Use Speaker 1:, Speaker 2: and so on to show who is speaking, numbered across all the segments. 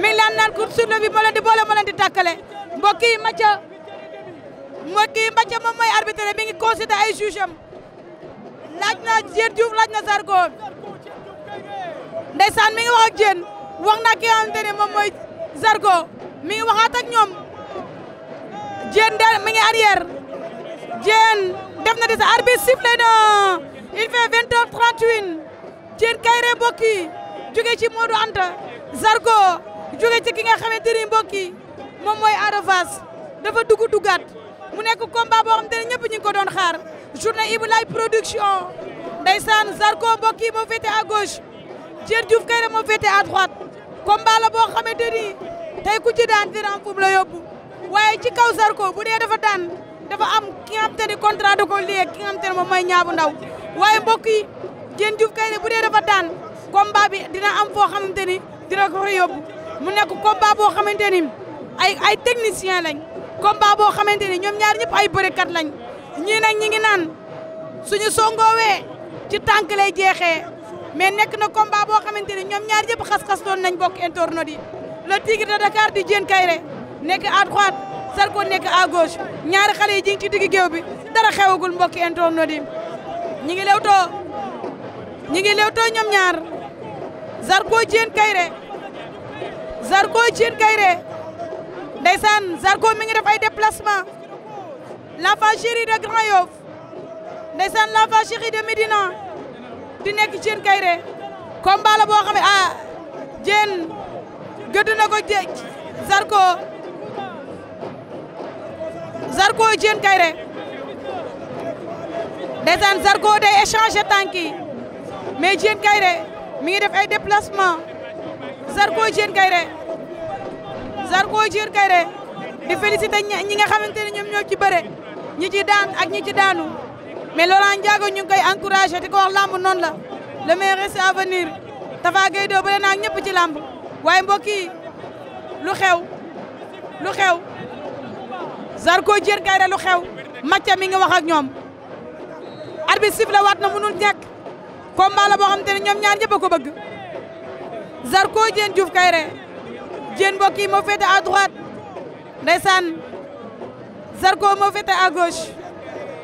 Speaker 1: mi ngi leen naan course sur boole moo leen di tàkkale mbokk yi Mathia mbokk yi Mathia mi ngi considéré ay juge laaj na Diène Diouf laaj na Zarko ndeysaan mi na ki nga xamante ne ñoom Diène de mi ngi arrière Diène def na des arbitre sifflé na il fait vingt heures trente-huit Diène Kaïré mbokk Anta Zarko jóge ci ki nga xamante ni mbokk yi moom dafa dugg duggaat mu nekk combat boo xamante ne ñëpp ñu ngi ko doon xaar journée Ibou Laye production ndeysaan Zarko mbokk yi moo féete à gauche Diène Diouf Kaïré moo féete boo xamante ni tey ku ci dina am fu la yóbbu waaye ci kaw Zarko bu dee dafa daan dafa am ki nga xamante ni contrat da ki nga xamante ni moom mooy waaye mbokk yi Diène Diouf Kaïré dafa daan combat dina am foo xamante ni dina ko fa mu nekk combat boo xamante ni ay ay technicien lañ combat boo xamante ni ñoom ñaar ñëpp ay bërekat lañ ñii nag ñi ngi naan suñu songoowee ci tànk lay jeexee mais nekk na combat boo xamante ni ñoom ñaar ñëpp xas-xas doon nañ bokk internautes yi le tigre de Dakar di Diène Kaïré nekk à droite nekk à gauche ñaari xale yi digg géew bi dara xewagul mbokki internautes yi ñi ngi lewtoo ñi ngi lewtoo ñoom ñaar Zarko Diène Kaïré Zarko Diène Kairé ndeysaan Zarko mi ngi def ay déplacement l'enfant de Grand Yoff ndeysaan l'enfant chéri de Médina di nekk Diène Kairé combat la boo xam ne ah Diène gëdd na Zarko Zarko Diène Kairé ndeysaan Zarko day échanger tànk yi mais Diène Kairé mi ngi def ay déplacement Zarko Diène Kairé Zarko Diéne Kairé di féliciter ñi nga xamante ne ñoom ñoo ci bëre ñi ci ak ñi daanu mais Laurent Ndiago ñu ngi koy encouragé di ko la le meilleur reste à venir Tafa Gueye doo naa ak ñëpp lamb waaye mbokk lu xew lu xew Zarko Diéne Kairé lu xew Mathia mi ngi wax ak ñoom arbitre sifflé waat na mënul ñàkk combat la boo xamante ne ñoom ñaar ñëpp a ko bëgg Zarko Diéne Diène mbokk yi moo féete à droite ndeysaan Zarko moo féete à gauche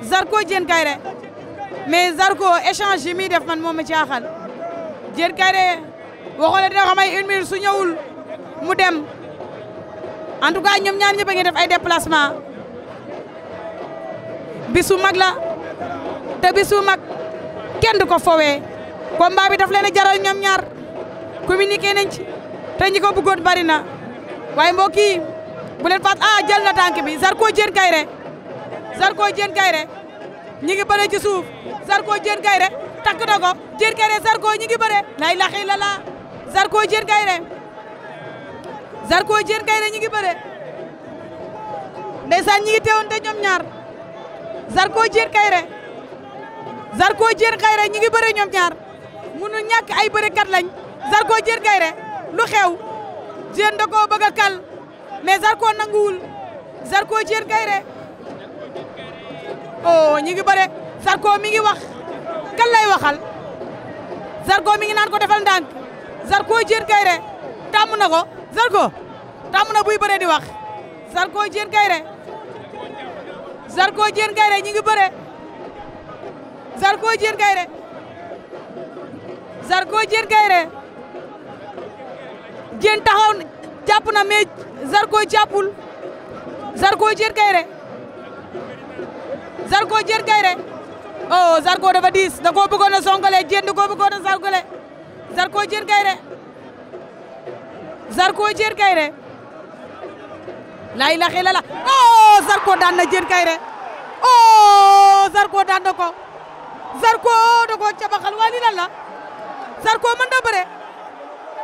Speaker 1: Zarko Diène Kaïré mais Zarko échange yi def man moom ma jaaxal Diène Kaïré waxoon na dina xam ay une su ñëwul mu dem en tout cas ñoom ñaar ñëpp a def ay déplacement bisu mag la te bisu mag kenn du ko fowee combat bi daf leen a jaral ñoom ñaar communiqué nañ te ñi ko bëggoon bari na waaye mbokk yi bu leen fàtt ah jël na tànk bi Zarko Diène Kaïré Zarko Diène Kaïré ñi ngi bëre ci suuf Zarko Diène Kaïré takk na ko Diène Kaïré Zarko ñi ngi bëre la ilaha illallah Zarko Diène Kaïré Zarko Diène Kaïré ñi ngi bëre ndeysaan ñi ngi teewoon te ñoom ñaar Zarko Diène Kaïré Zarko Diène Kaïré ñi ngi bëre ñoom ñaar munu ñàkk ay bërekat lañ Zarko Diène Kaïré lu xew Diène da koo bëgg a kal mais Zarko nanguwul Zarko Diène Kairé oh ñi ngi bëre Zarko mi ngi wax kan lay waxal Zarko mi ngi naan ko defal ndànk Zarko Diène Kairé tàmm na ko Zarko tàmm na buy bëre di wax Zarko Diène Kairé Zarko Diène Kairé ñi ngi bëre Zarko Diène Kairé Zarko Diène Kairé Diène taxaw jàpp na mais Zarko jàppul Zarko jër Kayre Zarko jër Kayre oh Zarko dafa diis da koo bëggoon a songale Diène da koo bëggoon a songale Zarko jër Kayre Zarko jër Kayre laay la xela la oh Zarko daan Kayre oh Zarko daan ko Zarko da koo cabaxal waa lii lan la Zarko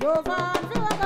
Speaker 2: Jofan fi wa